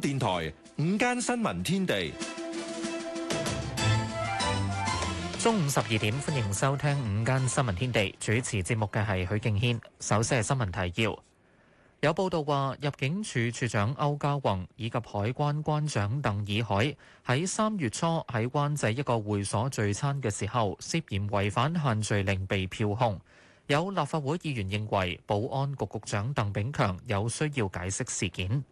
電台午間新聞天地，中午十二點，歡迎收聽午間新聞天地。主持節目嘅係許敬軒。首先係新聞提要，有報道話入境處處長歐家宏以及海關關長鄧以海喺三月初喺灣仔一個會所聚餐嘅時候，涉嫌違反限聚令被票控。有立法會議員認為保安局局長鄧炳強有需要解釋事件。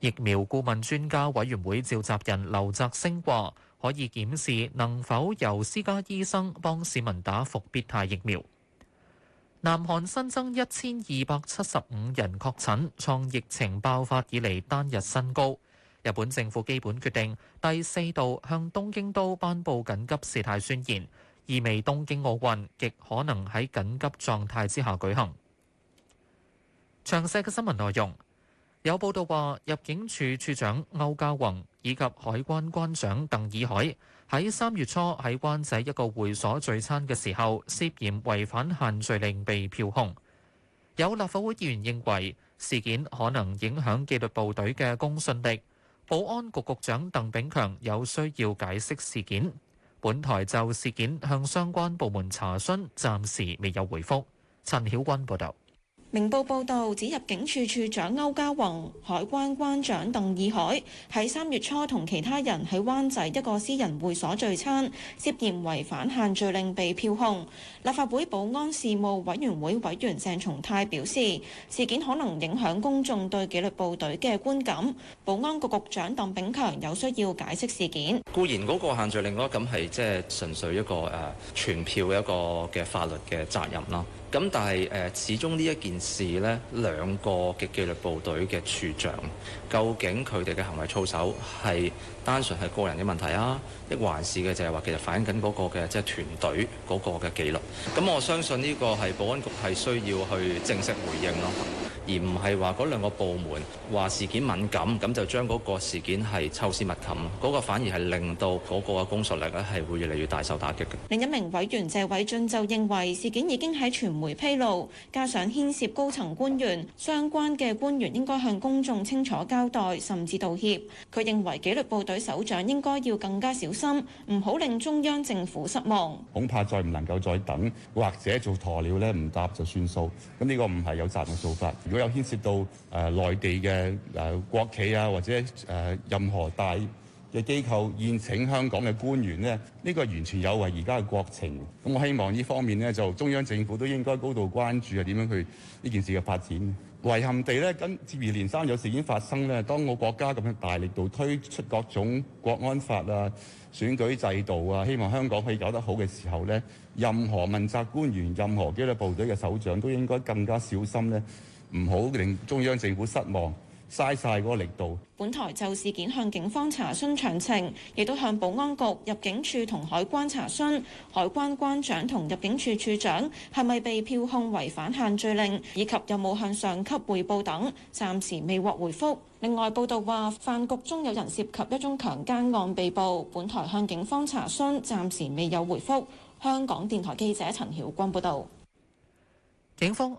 疫苗顧問專家委員會召集人劉澤星話：可以檢視能否由私家醫生幫市民打復必泰疫苗。南韓新增一千二百七十五人確診，創疫情爆發以嚟單日新高。日本政府基本決定第四度向東京都頒佈緊急事態宣言，意味東京奧運極可能喺緊急狀態之下舉行。詳細嘅新聞內容。有報道話，入境處處長區嘉宏以及海關關長鄧以海喺三月初喺灣仔一個會所聚餐嘅時候，涉嫌違反限聚令被票控。有立法會議員認為事件可能影響紀律部隊嘅公信力。保安局局長鄧炳強有需要解釋事件。本台就事件向相關部門查詢，暫時未有回覆。陳曉君報道。明報報導指入境處處長區嘉宏、海關關長鄧以海喺三月初同其他人喺灣仔一個私人會所聚餐，涉嫌違反限聚令被票控。立法會保安事務委員會委員鄭松泰表示，事件可能影響公眾對紀律部隊嘅觀感。保安局局長鄧炳強有需要解釋事件。固然嗰個限聚令嗰個咁係即係純粹一個誒傳、呃、票的一個嘅法律嘅責任啦。咁但係誒始終呢一件事咧，兩個嘅紀律部隊嘅處長，究竟佢哋嘅行為操守係單純係個人嘅問題啊，亦還是嘅就係話其實反映緊嗰、那個嘅即係團隊嗰個嘅紀律。咁我相信呢個係保安局係需要去正式回應咯，而唔係話嗰兩個部門話事件敏感，咁就將嗰個事件係抽絲密剷，嗰、那個反而係令到嗰個嘅公信力咧係會越嚟越大受打擊嘅。另一名委員謝偉俊就認為事件已經喺全。媒披露，加上牽涉高層官員，相關嘅官員應該向公眾清楚交代，甚至道歉。佢認為紀律部隊首長應該要更加小心，唔好令中央政府失望。恐怕再唔能夠再等，或者做鴕了咧，唔答就算數，咁呢個唔係有責任做法。如果有牽涉到誒內、呃、地嘅誒、呃、國企啊，或者誒、呃、任何大嘅機構宴請香港嘅官員呢，呢、呢個完全有違而家嘅國情。咁我希望呢方面呢，就中央政府都應該高度關注，係點樣去呢件事嘅發展。遺憾地呢，跟接二連三有事件發生呢。當我國家咁樣大力度推出各種國安法啊、選舉制度啊，希望香港可以搞得好嘅時候呢，任何問責官員、任何紀律部隊嘅首長，都應該更加小心呢。唔好令中央政府失望。嘥晒嗰個力度。本台就事件向警方查詢詳情，亦都向保安局、入境處同海關查詢，海關關長同入境處處長係咪被票控違反限聚令，以及有冇向上級匯報等，暫時未獲回覆。另外報道話，飯局中有人涉及一宗強姦案被捕，本台向警方查詢，暫時未有回覆。香港電台記者陳曉君報道。警方。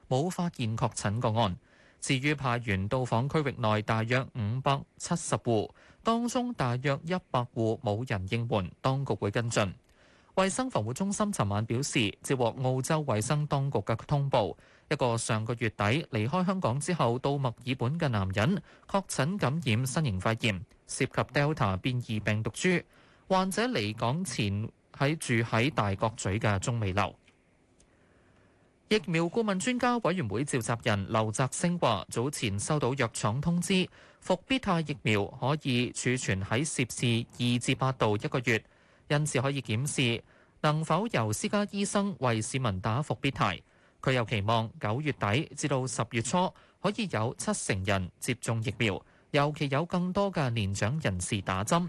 冇發現確診個案。至於派員到訪區域內大約五百七十戶，當中大約一百戶冇人應門，當局會跟進。衛生防護中心尋晚表示，接獲澳洲衛生當局嘅通報，一個上個月底離開香港之後到墨爾本嘅男人確診感染新型肺炎，涉及 Delta 變異病毒株。患者離港前喺住喺大角咀嘅中美樓。疫苗顧問專家委員會召集人劉澤星話：早前收到藥廠通知，復必泰疫苗可以儲存喺攝氏二至八度一個月，因此可以檢視能否由私家醫生為市民打復必泰。佢又期望九月底至到十月初可以有七成人接種疫苗，尤其有更多嘅年長人士打針。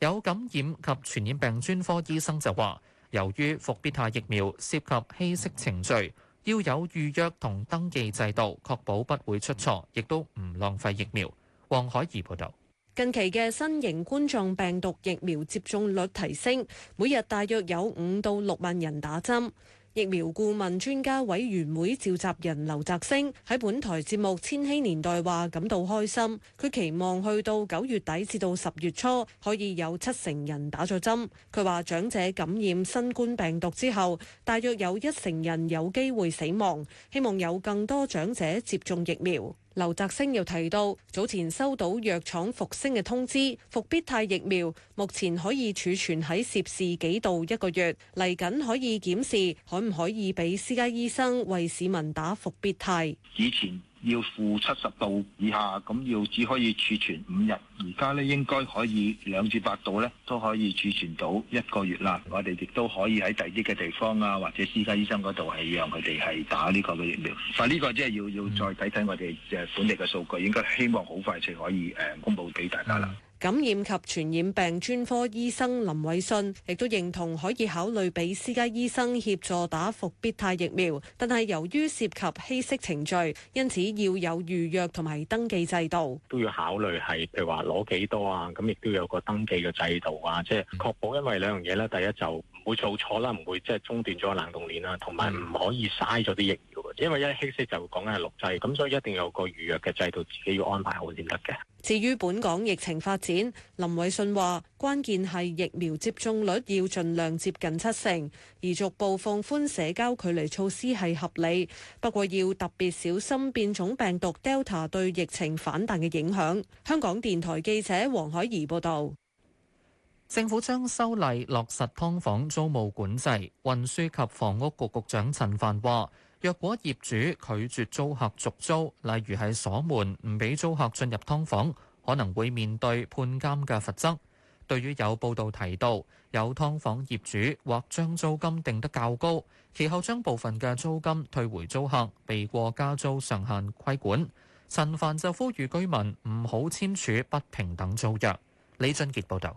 有感染及傳染病專科醫生就話，由於復必泰疫苗涉及稀釋程序。要有預約同登記制度，確保不會出錯，亦都唔浪費疫苗。黃海怡報導，近期嘅新型冠狀病毒疫苗接種率提升，每日大約有五到六萬人打針。疫苗顧問專家委員會召集人劉澤星喺本台節目《千禧年代》話感到開心，佢期望去到九月底至到十月初可以有七成人打咗針。佢話長者感染新冠病毒之後，大約有一成人有機會死亡，希望有更多長者接種疫苗。劉澤星又提到，早前收到藥廠復星嘅通知，復必泰疫苗目前可以儲存喺攝氏幾度一個月，嚟緊可以檢視，可唔可以俾私家醫生為市民打復必泰？以前。要負七十度以下，咁要只可以儲存五日。而家咧應該可以兩至八度咧，都可以儲存到一個月啦。我哋亦都可以喺第啲嘅地方啊，或者私家醫生嗰度係讓佢哋係打呢個嘅疫苗。但呢個即係要要再睇睇我哋誒本地嘅數據，應該希望好快就可以誒公佈俾大家啦。感染及傳染病專科醫生林偉信亦都認同，可以考慮俾私家醫生協助打伏必泰疫苗，但係由於涉及稀釋程序，因此要有預約同埋登記制度。都要考慮係，譬如話攞幾多啊？咁亦都有個登記嘅制度啊，即係確保，因為兩樣嘢咧，第一就。唔會做錯啦，唔會即係中斷咗冷凍鏈啦，同埋唔可以嘥咗啲疫苗，因為一稀釋就講緊係綠劑，咁所以一定要有一個預約嘅制度，自己要安排好先得嘅。至於本港疫情發展，林偉信話：關鍵係疫苗接種率要盡量接近七成，而逐步放寬社交距離措施係合理，不過要特別小心變種病毒 Delta 對疫情反彈嘅影響。香港電台記者黃海怡報道。政府將修例落實劏房租務管制。運輸及房屋局局長陳帆話：若果業主拒絕租客續租，例如係鎖門唔俾租客進入劏房，可能會面對判監嘅罰則。對於有報道提到有劏房業主或將租金定得較高，其後將部分嘅租金退回租客，避過加租上限規管，陳帆就呼籲居民唔好簽署不平等租約。李俊傑報導。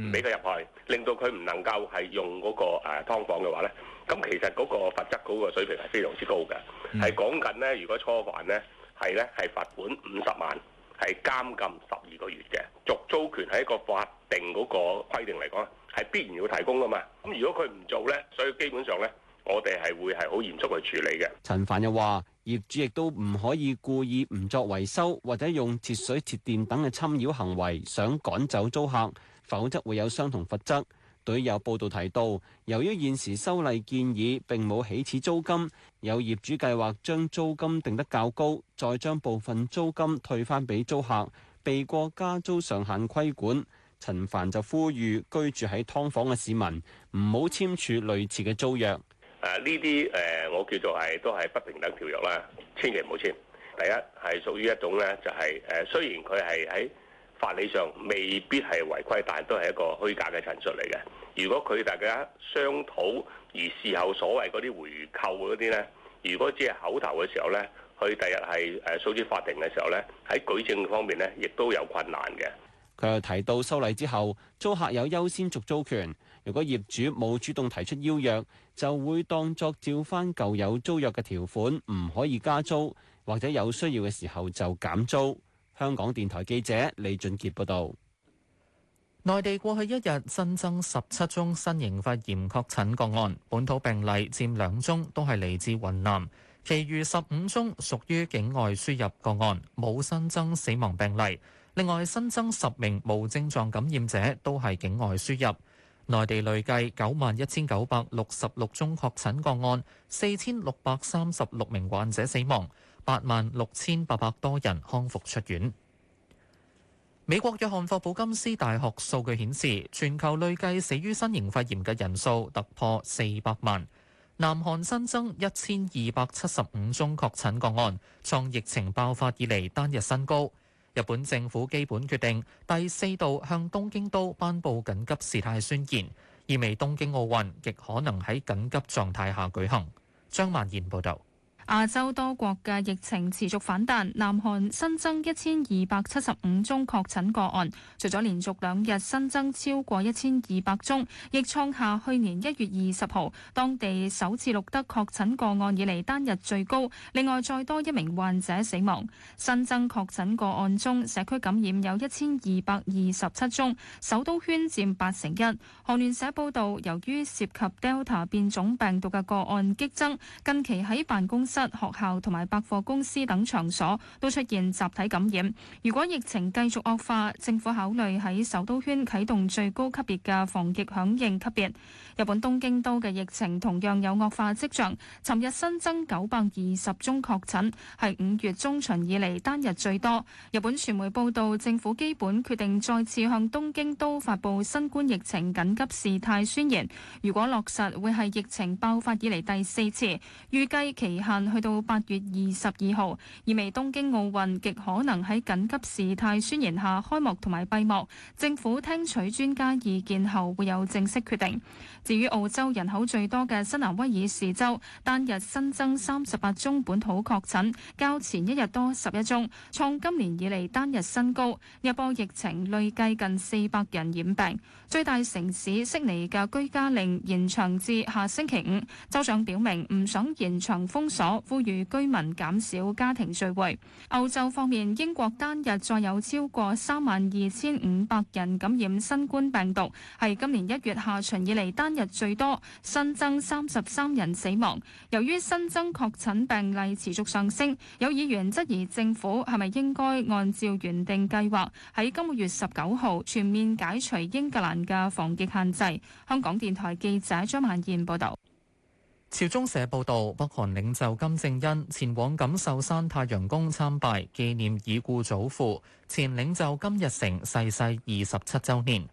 唔俾佢入去，令到佢唔能夠係用嗰個誒劏房嘅話咧，咁其實嗰個罰則嗰個水平係非常之高嘅，係講緊咧。如果初犯咧，係咧係罰款五十萬，係監禁十二個月嘅。續租權係一個法定嗰個規定嚟講，係必然要提供噶嘛。咁如果佢唔做咧，所以基本上咧，我哋係會係好嚴肅去處理嘅。陳帆又話：業主亦都唔可以故意唔作維修，或者用截水、截電等嘅侵擾行為，想趕走租客。否則會有相同罰則。隊友報道提到，由於現時修例建議並冇起始租金，有業主計劃將租金定得較高，再將部分租金退翻俾租客，避過加租上限規管。陳帆就呼籲居住喺劏房嘅市民唔好簽署類似嘅租約。呢啲誒，我叫做係都係不平等條約啦，千祈唔好簽。第一係屬於一種咧、就係，就係誒雖然佢係喺法理上未必係違規，但都係一個虛假嘅陳述嚟嘅。如果佢大家商討而事後所謂嗰啲回扣嗰啲咧，如果只係口頭嘅時候咧，佢第日係誒訴諸法庭嘅時候咧，喺舉證方面咧，亦都有困難嘅。佢又提到修例之後，租客有優先續租權，如果業主冇主動提出邀約，就會當作照翻舊有租約嘅條款，唔可以加租，或者有需要嘅時候就減租。香港電台記者李俊杰報道。內地過去一日新增十七宗新型肺炎確診個案，本土病例佔兩宗，都係嚟自雲南，其餘十五宗屬於境外輸入個案，冇新增死亡病例。另外新增十名無症狀感染者，都係境外輸入。內地累計九萬一千九百六十六宗確診個案，四千六百三十六名患者死亡。八萬六千八百多人康復出院。美國約翰霍普金斯大學數據顯示，全球累計死於新型肺炎嘅人數突破四百萬。南韓新增一千二百七十五宗確診個案，創疫情爆發以嚟單日新高。日本政府基本決定第四度向東京都頒布緊急事態宣言，意味東京奧運極可能喺緊急狀態下舉行。張曼賢報導。亞洲多國嘅疫情持續反彈，南韓新增一千二百七十五宗確診個案，除咗連續兩日新增超過一千二百宗，亦創下去年一月二十號當地首次錄得確診個案以嚟單日最高。另外，再多一名患者死亡，新增確診個案中社區感染有一千二百二十七宗，首都圈佔八成一。韓聯社報道，由於涉及 Delta 變種病毒嘅個案激增，近期喺辦公室，學校同埋百貨公司等場所都出現集體感染。如果疫情繼續惡化，政府考慮喺首都圈啟動最高級別嘅防疫響應級別。日本東京都嘅疫情同樣有惡化跡象。尋日新增九百二十宗確診，係五月中旬以嚟單日最多。日本傳媒報道，政府基本決定再次向東京都發布新冠疫情緊急事態宣言。如果落實，會係疫情爆發以嚟第四次。預計期限。去到八月二十二號，意味東京奧運極可能喺緊急事態宣言下開幕同埋閉幕，政府聽取專家意見後會有正式決定。至於澳洲人口最多嘅新南威爾士州，單日新增三十八宗本土確診，較前一日多十一宗，創今年以嚟單日新高。日波疫情累計近四百人染病。最大城市悉尼嘅居家令延長至下星期五。州長表明唔想延長封鎖，呼籲居民減少家庭聚會。歐洲方面，英國單日再有超過三萬二千五百人感染新冠病毒，係今年一月下旬以嚟單日。日最多新增三十三人死亡。由於新增確診病例持續上升，有議員質疑政府係咪應該按照原定計劃喺今個月十九號全面解除英格蘭嘅防疫限制。香港電台記者張曼燕報道。朝中社報道，北韓領袖金正恩前往錦繡山太陽宮參拜，紀念已故祖父前領袖金日成逝世二十七周年。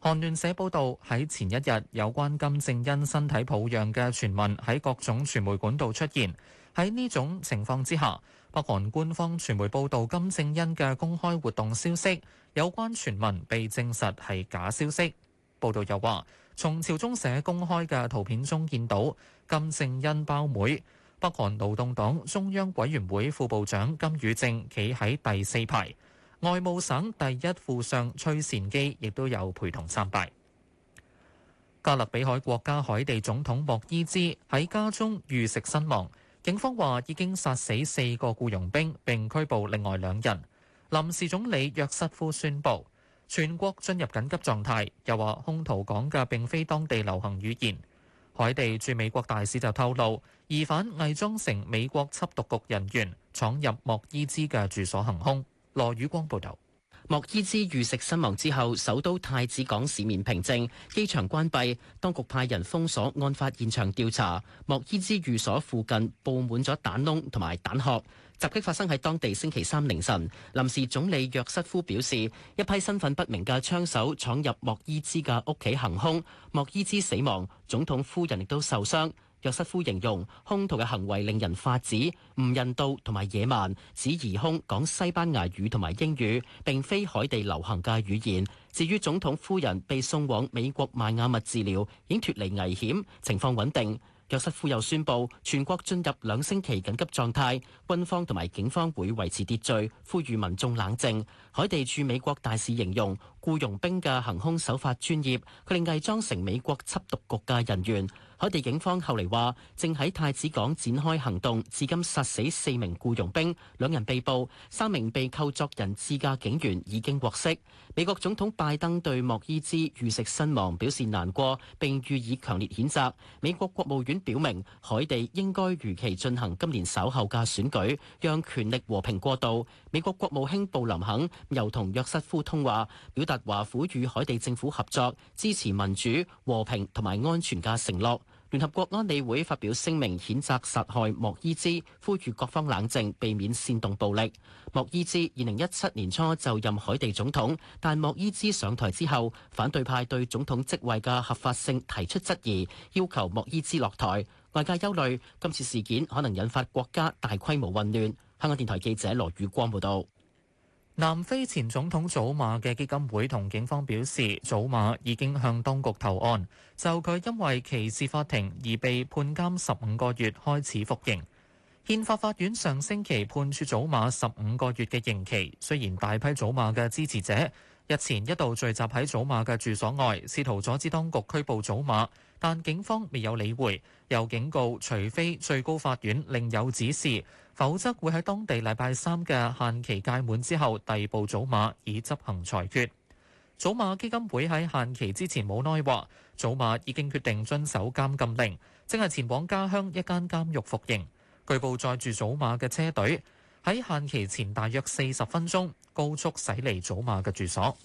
韓聯社報導，喺前一日有關金正恩身體抱恙嘅傳聞喺各種傳媒管道出現。喺呢種情況之下，北韓官方傳媒報導金正恩嘅公開活動消息，有關傳聞被證實係假消息。報導又話，從朝中社公開嘅圖片中見到金正恩胞妹，北韓勞動黨中央委員會副部長金與正企喺第四排。外務省第一副相崔善姬亦都有陪同參拜。加勒比海國家海地總統莫伊茲喺家中遇襲身亡，警方話已經殺死四個僱傭兵，並拘捕另外兩人。臨時總理約瑟夫宣布全國進入緊急狀態，又話兇徒講嘅並非當地流行語言。海地駐美國大使就透露，疑犯偽裝成美國緝毒局人員，闖入莫伊茲嘅住所行凶。羅宇光報道，莫伊茲遇襲身亡之後，首都太子港市面平靜，機場關閉，當局派人封鎖案發現場調查。莫伊茲寓所附近布滿咗彈窿同埋彈殼。襲擊發生喺當地星期三凌晨。臨時總理約瑟夫表示，一批身份不明嘅槍手闖入莫伊茲嘅屋企行凶，莫伊茲死亡，總統夫人亦都受傷。約瑟夫形容兇徒嘅行為令人髮指、唔人道同埋野蠻，指疑兇講西班牙語同埋英語，並非海地流行嘅語言。至於總統夫人被送往美國邁亞密治療，已經脫離危險，情況穩定。約瑟夫又宣布全國進入兩星期緊急狀態，軍方同埋警方會維持秩序，呼籲民眾冷靜。海地駐美國大使形容僱傭兵嘅行兇手法專業，佢哋偽裝成美國緝毒局嘅人員。海地警方後嚟話，正喺太子港展開行動，至今殺死四名僱傭兵，兩人被捕，三名被扣作人質嘅警員已經獲釋。美國總統拜登對莫伊茲遇刺身亡表示難過，並予以強烈譴責。美國國務院表明，海地應該如期進行今年稍後嘅選舉，讓權力和平過渡。美國國務卿布林肯又同約瑟夫通話，表達華府與海地政府合作、支持民主、和平同埋安全嘅承諾。聯合國安理會發表聲明譴責殺害莫伊茲，呼籲各方冷靜，避免煽動暴力。莫伊茲二零一七年初就任海地總統，但莫伊茲上台之後，反對派對總統職位嘅合法性提出質疑，要求莫伊茲落台。外界憂慮，今次事件可能引發國家大規模混亂。香港電台記者羅宇光報道。南非前總統祖馬嘅基金會同警方表示，祖馬已經向當局投案。就佢因為歧視法庭而被判監十五個月，開始服刑。憲法法院上星期判處祖馬十五個月嘅刑期。雖然大批祖馬嘅支持者日前一度聚集喺祖馬嘅住所外，試圖阻止當局拘捕祖馬，但警方未有理會，又警告除非最高法院另有指示。否則會喺當地禮拜三嘅限期屆滿之後逮捕祖馬，以執行裁決。祖馬基金會喺限期之前冇耐，話，祖馬已經決定遵守監禁令，即係前往家鄉一間監獄服刑。據報載住祖馬嘅車隊喺限期前大約四十分鐘高速駛離祖馬嘅住所。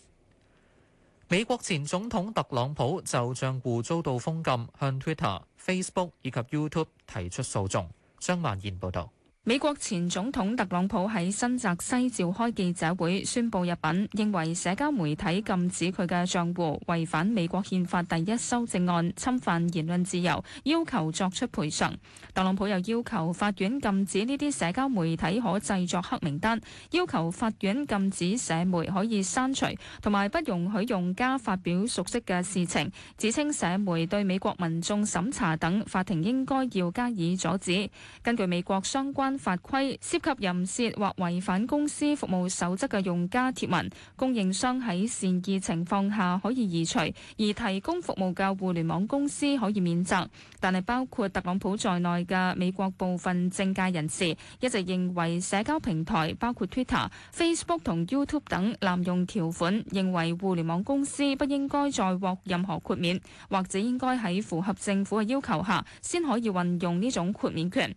美國前總統特朗普就帳戶遭到封禁，向 Twitter、Facebook 以及 YouTube 提出訴訟。張萬賢報導。美國前總統特朗普喺新澤西召開記者會，宣布入稟認為社交媒體禁止佢嘅賬戶違反美國憲法第一修正案，侵犯言論自由，要求作出賠償。特朗普又要求法院禁止呢啲社交媒體可製作黑名單，要求法院禁止社媒可以刪除同埋不容許用家發表熟悉嘅事情，指稱社媒對美國民眾審查等，法庭應該要加以阻止。根據美國相關。法規涉及淫褻或違反公司服務守則嘅用家貼文，供應商喺善意情況下可以移除，而提供服務嘅互聯網公司可以免責。但係包括特朗普在內嘅美國部分政界人士一直認為，社交平台包括 Twitter、Facebook 同 YouTube 等濫用條款，認為互聯網公司不應該再獲任何豁免，或者應該喺符合政府嘅要求下先可以運用呢種豁免權。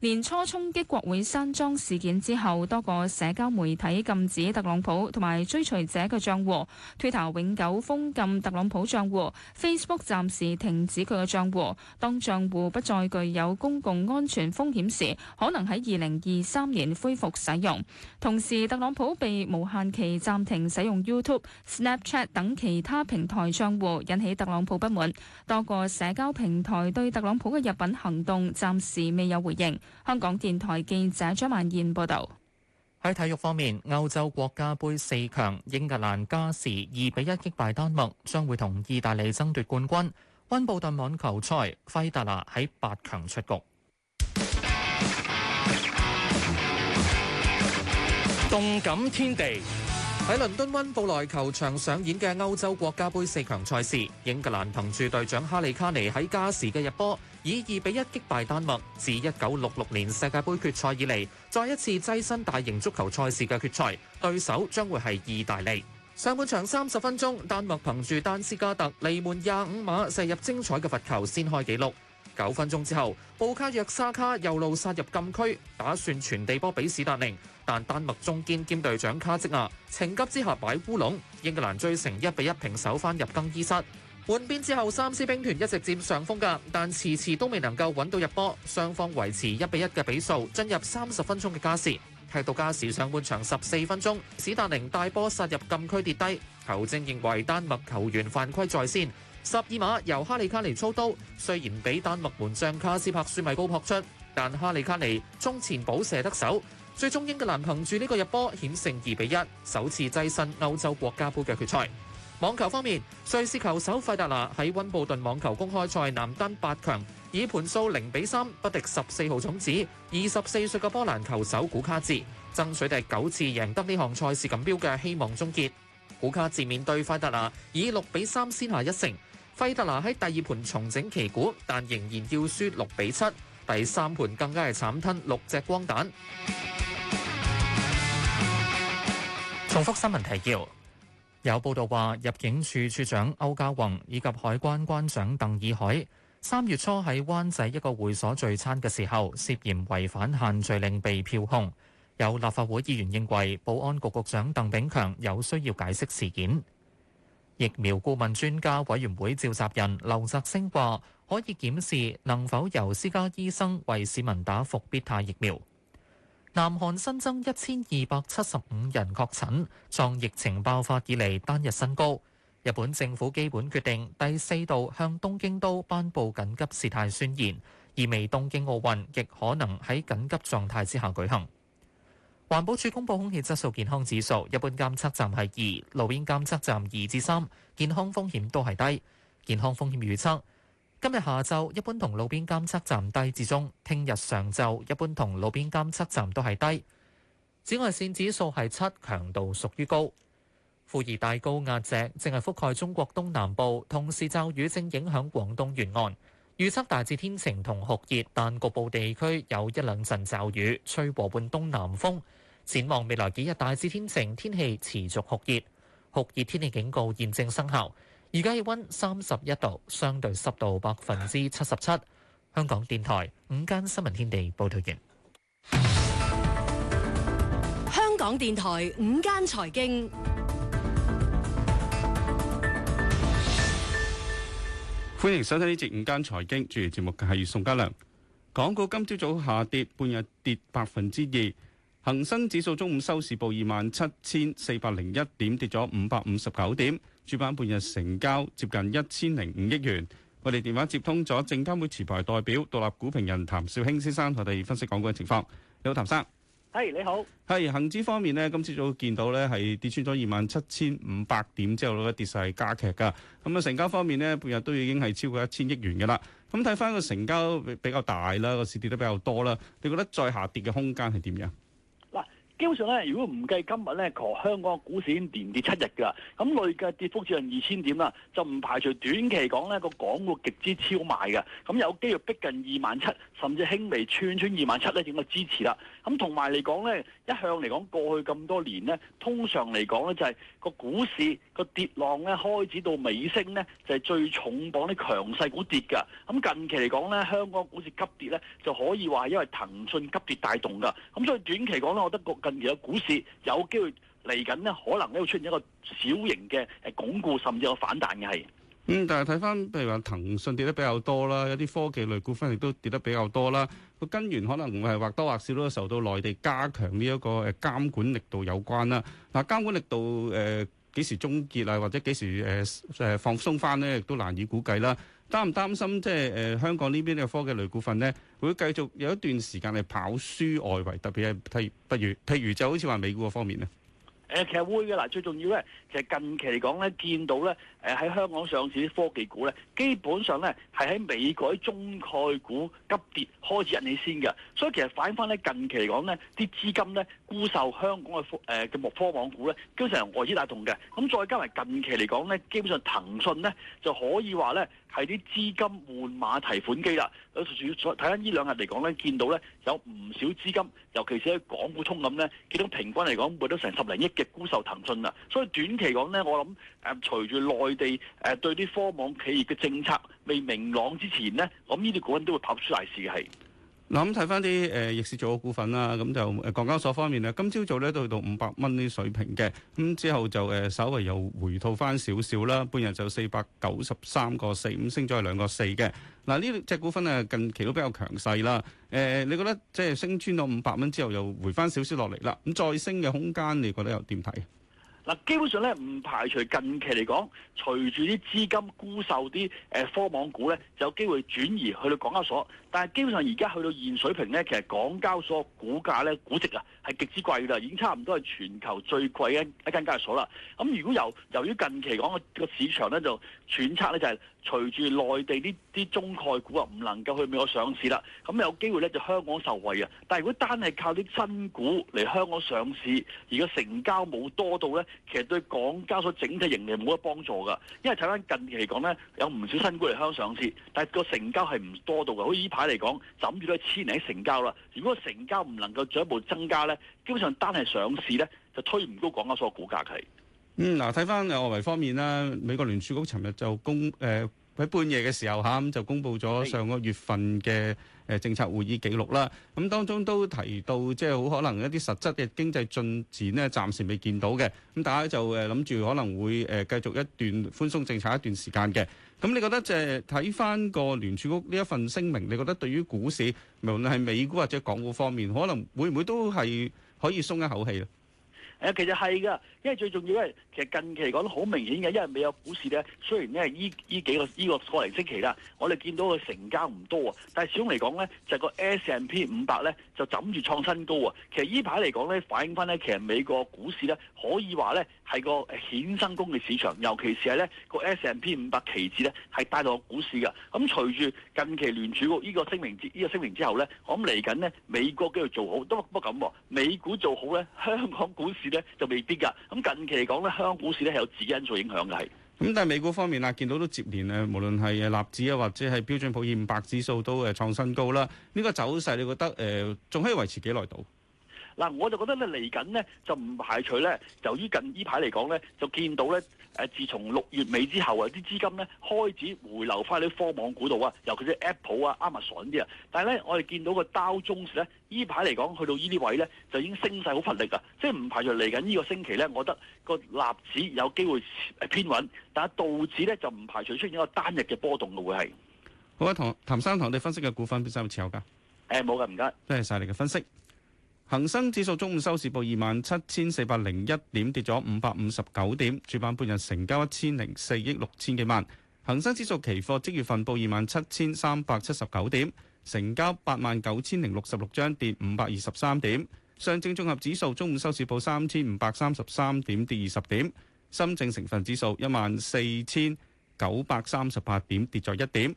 年初衝擊國會山莊事件之後，多個社交媒體禁止特朗普同埋追隨者嘅賬戶，Twitter 永久封禁特朗普賬戶，Facebook 暫時停止佢嘅賬戶。當賬戶不再具有公共安全風險時，可能喺2023年恢復使用。同時，特朗普被無限期暫停使用 YouTube、Snapchat 等其他平台賬戶，引起特朗普不滿。多個社交平台對特朗普嘅入稟行動暫時未有回應。香港電台記者張曼燕報道：喺體育方面，歐洲國家盃四強英格蘭加時二比一擊敗丹麥，將會同意大利爭奪冠軍。溫布頓網球賽，費達拿喺八強出局。動感天地，喺倫敦溫布萊球場上演嘅歐洲國家盃四強賽事，英格蘭憑住隊長哈利卡尼喺加時嘅入波，以二比一擊敗丹麥，自一九六六年世界杯決賽以嚟，再一次躋身大型足球賽事嘅決賽，對手將會係意大利。上半場三十分鐘，丹麥憑住丹斯加特離門廿五碼射入精彩嘅罰球，先開紀錄。九分鐘之後，布卡約沙卡右路殺入禁區，打算傳地波俾史達寧，但丹麥中堅兼隊長卡積亞情急之下擺烏龍，英格蘭追成一比一平手，翻入更衣室。換邊之後，三獅兵團一直佔上風㗎，但遲遲都未能夠揾到入波，雙方維持一比一嘅比數。進入三十分鐘嘅加時，踢到加時上半場十四分鐘，史達寧大波殺入禁區跌低，球證認為丹麥球員犯規在先。十二碼由哈里卡尼操刀，雖然俾丹麥門將卡斯帕舒米高撲出，但哈里卡尼中前補射得手，最終英格蘭憑住呢個入波險勝二比一，首次躋身歐洲國家杯嘅決賽。網球方面，瑞士球手費達拿喺溫布頓網球公開賽男單八強，以盤數零比三不敵十四號種子二十四歲嘅波蘭球手古卡治，爭取第九次贏得呢項賽事錦標嘅希望終結。古卡治面對費達拿，以六比三先下一城。費達拿喺第二盤重整旗鼓，但仍然要輸六比七。第三盤更加係慘吞六隻光蛋。重複新聞提要。有報道話，入境處處長歐家宏以及海關關長鄧以海三月初喺灣仔一個會所聚餐嘅時候，涉嫌違反限聚令被票控。有立法會議員認為，保安局局長鄧炳強有需要解釋事件。疫苗顧問專家委員會召集人劉澤星話：可以檢視能否由私家醫生為市民打伏必泰疫苗。南韓新增一千二百七十五人確診，創疫情爆發以嚟單日新高。日本政府基本決定第四度向東京都頒布緊急事態宣言，意味東京奧運亦可能喺緊急狀態之下舉行。環保署公布空氣質素健康指數，一般監測站係二，路邊監測站二至三，健康風險都係低，健康風險預測。今日下晝一般同路邊監測站低至中，聽日上晝一般同路邊監測站都係低。紫外線指數係七，強度屬於高。副熱帶高壓脊正係覆蓋中國東南部，同時驟雨正影響廣東沿岸。預測大致天晴同酷熱，但局部地區有一兩陣驟雨，吹和緩東南風。展望未來幾日大致天晴，天氣持續酷熱，酷熱天氣警告現正生效。而家氣溫三十一度，相對濕度百分之七十七。香港電台午間新聞天地報道完。香港電台午間財經，歡迎收睇呢節午間財經，主持節目嘅係宋家良。港股今朝早下跌，半日跌，跌百分之二。恒生指數中午收市報二萬七千四百零一點，跌咗五百五十九點。主板半日成交接近一千零五億元，我哋電話接通咗證監會持牌代表、獨立股評人譚少卿先生，同我哋分析港股嘅情況。你好，譚生，係你好，係。恆指方面咧，今朝早見到咧係跌穿咗二萬七千五百點之後咧，跌勢係加劇噶。咁啊，成交方面咧，半日都已經係超過一千億元㗎喇。咁睇翻個成交比較大啦，個市跌得比較多啦。你覺得再下跌嘅空間係點樣？基本上咧，如果唔計今日咧，香港股市已經連跌七日㗎，咁累計跌幅接近二千點啦，就唔排除短期講咧個港股極之超賣嘅，咁有機會逼近二萬七，甚至輕微穿穿二萬七咧，點嘅支持啦。咁同埋嚟講咧，一向嚟講過去咁多年咧，通常嚟講咧就係個股市個跌浪咧開始到尾聲咧，就係最重磅啲強勢股跌㗎。咁近期嚟講咧，香港股市急跌咧，就可以話係因為騰訊急跌帶動㗎。咁所以短期講咧，我覺得而有股市有機會嚟緊咧，可能咧會出現一個小型嘅誒鞏固，甚至有反彈嘅係。嗯，但係睇翻譬如話騰訊跌得比較多啦，有啲科技類股份亦都跌得比較多啦。個根源可能係或多或少都受到內地加強呢一個誒監管力度有關啦。嗱，監管力度誒幾時終結啊？或者幾時誒誒放鬆翻咧？亦都難以估計啦。擔唔擔心即係誒香港呢邊嘅科技類股份咧，會繼續有一段時間係跑輸外圍，特別係譬如不如譬如就好似話美股的方面咧。誒其實會嘅嗱，最重要咧，其實近期嚟講咧，見到咧，誒喺香港上市啲科技股咧，基本上咧係喺美國喺中概股急跌開始引起先嘅，所以其實反翻咧近期嚟講咧，啲資金咧沽售香港嘅誒嘅木科網股咧，經常外資大同嘅，咁再加埋近期嚟講咧，基本上騰訊咧就可以話咧係啲資金換馬提款機啦。睇翻呢兩日嚟講咧，見到咧有唔少資金，尤其是喺港股通咁咧，其中平均嚟講每咗成十零億。亦孤受騰訊啊，所以短期講咧，我諗誒，隨住內地誒對啲科網企業嘅政策未明朗之前咧，咁呢啲股都會跑出大事嘅係。嗱，咁睇翻啲誒逆市做嘅股份啦，咁就誒、呃、港交所方面咧，今朝早咧都去到五百蚊啲水平嘅，咁之後就誒、呃、稍微又回吐翻少少啦，半日就四百九十三個四五，升咗係兩個四嘅。嗱，呢隻股份咧，近期都比較強勢啦，誒、呃，你覺得即係升穿到五百蚊之後又回翻少少落嚟啦，咁再升嘅空間你覺得又點睇？嗱，基本上咧唔排除近期嚟講，隨住啲資金沽售啲科網股咧，就有機會轉移去到港交所。但係基本上而家去到現水平咧，其實港交所股價咧估值啊係極之貴㗎啦，已經差唔多係全球最貴嘅一間交易所啦。咁如果由由於近期講個市場咧就揣測咧就係隨住內地呢啲中概股啊唔能夠去美國上市啦，咁有機會咧就香港受惠啊。但係如果單係靠啲新股嚟香港上市，而個成交冇多到咧，其實對港交所整體盈利冇乜幫助㗎，因為睇翻近期嚟講咧，有唔少新股嚟香港上市，但係個成交係唔多到㗎，好似呢排嚟講，枕住都係千零啲成交啦。如果成交唔能夠進一步增加咧，基本上單係上市咧就推唔高港交所個股價係。嗯，嗱，睇翻外圍方面啦，美國聯儲局尋日就公誒。呃喺半夜嘅時候吓，咁就公布咗上個月份嘅誒政策會議記錄啦。咁當中都提到，即係好可能一啲實質嘅經濟進展呢，暫時未見到嘅。咁大家就誒諗住可能會誒繼續一段寬鬆政策一段時間嘅。咁你覺得即係睇翻個聯儲局呢一份聲明，你覺得對於股市無論係美股或者港股方面，可能會唔會都係可以鬆一口氣啊？誒，其實係噶，因為最重要咧，其實近期講得好明顯嘅，因為美國股市咧。雖然咧依依幾個依個,個過零星期啦，我哋見到佢成交唔多啊，但係始終嚟講咧就個 S&P 五百咧就枕住創新高啊！其實依排嚟講咧反映翻咧，其實美國股市咧可以話咧係個衍生工嘅市場，尤其是係咧個 S&P 五百期指咧係帶到個股市嘅。咁隨住近期聯儲局呢個聲明之呢個聲明之後咧，我諗嚟緊咧美國都要做好，都不過咁，美股做好咧，香港股市。就未必㗎，咁近期嚟講咧，香港股市咧係有指因素影響嘅係。咁但係美股方面啦，見到都接連咧，無論係誒納指啊，或者係標準普爾五百指數都誒創新高啦。呢、這個走勢你覺得誒仲、呃、可以維持幾耐到？嗱，我就覺得咧，嚟緊呢，就唔排除咧，由於近呢排嚟講咧，就見到咧，誒，自從六月尾之後啊，啲資金咧開始回流翻啲科網股度啊，尤其是 Apple 啊、Amazon 啲啊。但係咧，我哋見到個收鐘時咧，呢排嚟講去到呢啲位咧，就已經升勢好乏力啊！即係唔排除嚟緊呢個星期咧，我覺得個納指有機會偏穩，但係道指咧就唔排除出現一個單日嘅波動嘅會係。好啊，唐譚生同你分析嘅股份俾三位持有噶。誒，冇噶，唔該。多謝曬你嘅分析。恒生指數中午收市報二萬七千四百零一點，跌咗五百五十九點，主板半日成交一千零四億六千幾萬。恒生指數期貨即月份報二萬七千三百七十九點，成交八萬九千零六十六張，跌五百二十三點。上證綜合指數中午收市報三千五百三十三點，跌二十點。深證成分指數一萬四千九百三十八點，跌咗一點。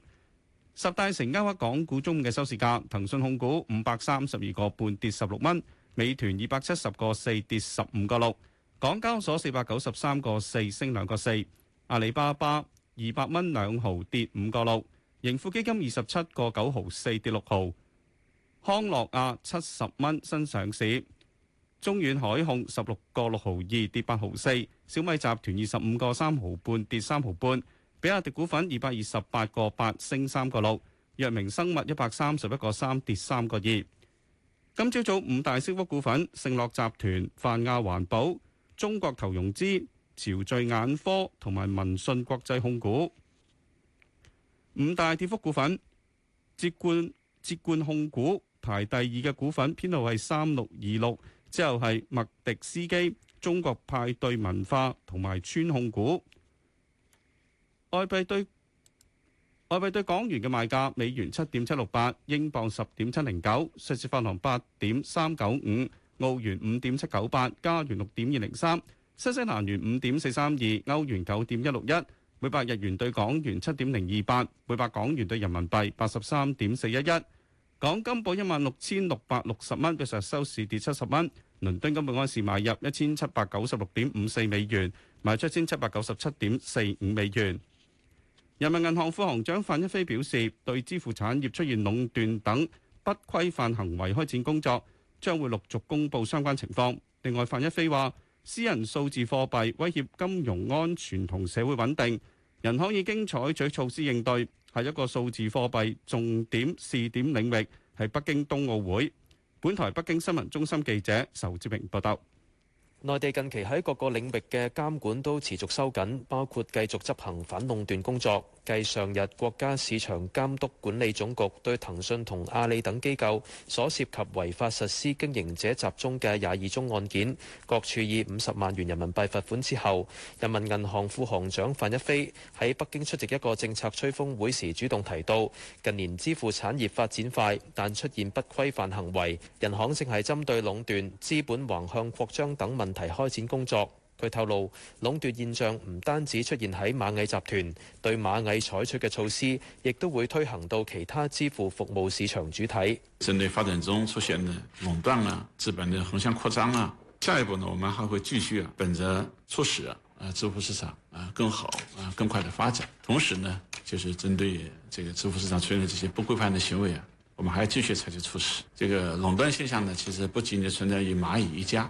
十大成交額港股中午嘅收市價：騰訊控股五百三十二個半跌十六蚊，美團二百七十個四跌十五個六，港交所四百九十三個四升兩個四，阿里巴巴二百蚊兩毫跌五個六，盈富基金二十七個九毫四跌六毫，康樂亞七十蚊新上市，中遠海控十六個六毫二跌八毫四，小米集團二十五個三毫半跌三毫半。比亞迪股份二百二十八個八升三個六，藥明生物一百三十一個三跌三個二。今朝早，早五大升幅股份：盛樂集團、泛亞環保、中國投融資、潮聚眼科同埋民信國際控股。五大跌幅股份：捷冠捷冠控股排第二嘅股份編號係三六二六，之後係麥迪斯基、中國派對文化同埋川控股。外幣對外幣對港元嘅賣價：美元七點七六八，英鎊十點七零九，瑞士法郎八點三九五，澳元五點七九八，加元六點二零三，新西蘭元五點四三二，歐元九點一六一，每百日元對港元七點零二八，每百港元對人民幣八十三點四一一。港金報一萬六千六百六十蚊，嘅成日收市跌七十蚊。倫敦金本按時買入一千七百九十六點五四美元，賣出一千七百九十七點四五美元。人民銀行副行長范一飛表示，對支付產業出現壟斷等不規範行為，開展工作將會陸續公布相關情況。另外，范一飛話：私人數字貨幣威脅金融安全同社會穩定，人行已經採取措施應對。係一個數字貨幣重點試點領域，係北京冬奧會。本台北京新聞中心記者仇志明報道。內地近期喺各個領域嘅監管都持續收緊，包括繼續執行反壟斷工作。繼上日國家市場監督管理總局對騰訊同阿里等機構所涉及違法實施經營者集中嘅廿二宗案件，各處以五十萬元人民幣罰款之後，人民銀行副行長范一飛喺北京出席一個政策吹風會時主動提到，近年支付產業發展快，但出現不規範行為，人行正係針對壟斷、資本橫向擴張等問題。提開展工作，佢透露壟斷現象唔單止出現喺螞蟻集團，對螞蟻採取嘅措施，亦都會推行到其他支付服務市場主體。針對發展中出現嘅壟斷啊、資本的橫向擴張啊，下一步呢，我們還會繼續啊，本着促使啊，啊支付市場啊更好啊更快的發展，同時呢，就是針對這個支付市場出現的這些不規範的行為啊，啊我們還要繼續採取措施。這個壟斷現象呢，其實不僅僅存在於螞蟻一家。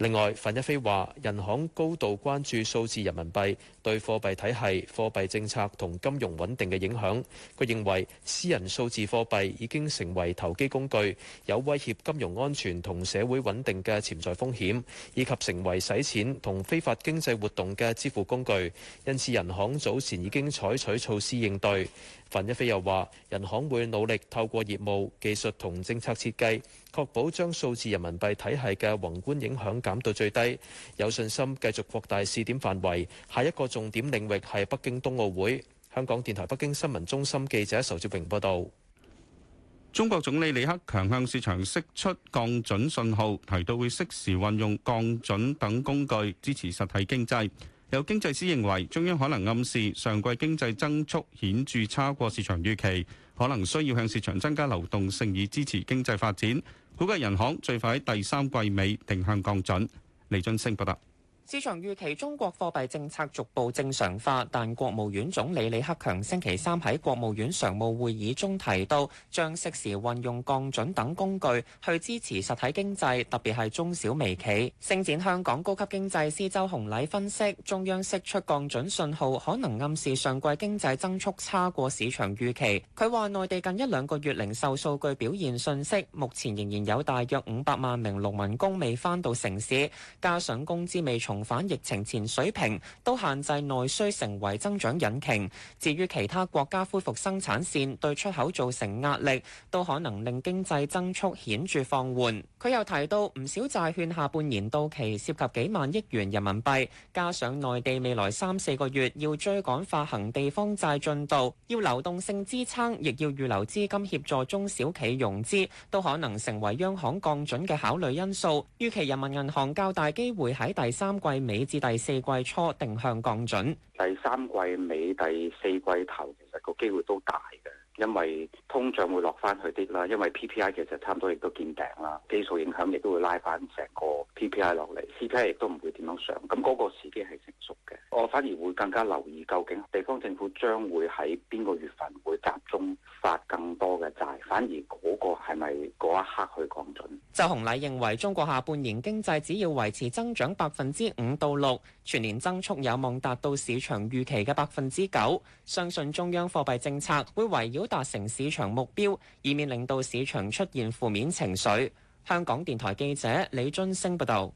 另外，范一飛話：人行高度關注數字人民幣對貨幣體系、貨幣政策同金融穩定嘅影響。佢認為私人數字貨幣已經成為投機工具，有威脅金融安全同社會穩定嘅潛在風險，以及成為洗錢同非法經濟活動嘅支付工具。因此，人行早前已經採取措施應對。范一飛又話：人行會努力透過業務、技術同政策設計，確保將數字人民幣體系嘅宏觀影響減到最低，有信心繼續擴大試點範圍。下一個重點領域係北京冬奧會。香港電台北京新聞中心記者仇捷榮報道。中國總理李克強向市場釋出降準信號，提到會適時運用降準等工具支持實體經濟。有經濟師認為，中央可能暗示上季經濟增速顯著差過市場預期，可能需要向市場增加流動性以支持經濟發展。估計人行最快喺第三季尾定向降準。李俊升報道。市場預期中國貨幣政策逐步正常化，但國務院總理李克強星期三喺國務院常務會議中提到，將適時運用降準等工具去支持實體經濟，特別係中小微企。星展香港高級經濟師周紅禮分析，中央釋出降準信號，可能暗示上季經濟增速差過市場預期。佢話，內地近一兩個月零售數據表現遜色，目前仍然有大約五百萬名農民工未翻到城市，加上工資未從反疫情前水平，都限制內需成為增長引擎。至於其他國家恢復生產線對出口造成壓力，都可能令經濟增速顯著放緩。佢又提到，唔少債券下半年到期，涉及幾萬億元人民幣，加上內地未來三四個月要追趕發行地方債進度，要流動性支撐，亦要預留資金協助中小企融資，都可能成為央行降準嘅考慮因素。預期人民銀行較大機會喺第三個。第三季尾至第四季初定向降準，第三季尾第四季頭其實個機會都大嘅。因為通脹會落翻去啲啦，因為 PPI 其實差唔多亦都見頂啦，基數影響亦都會拉翻成個 PPI 落嚟，CPI 亦都唔會點樣上，咁嗰個時機係成熟嘅。我反而會更加留意究竟地方政府將會喺邊個月份會集中發更多嘅債，反而嗰個係咪嗰一刻去降準，周紅禮認為中國下半年經濟只要維持增長百分之五到六，6, 全年增速有望達到市場預期嘅百分之九，相信中央貨幣政策會圍繞。達成市場目標，以免令到市場出現負面情緒。香港電台記者李俊升報道。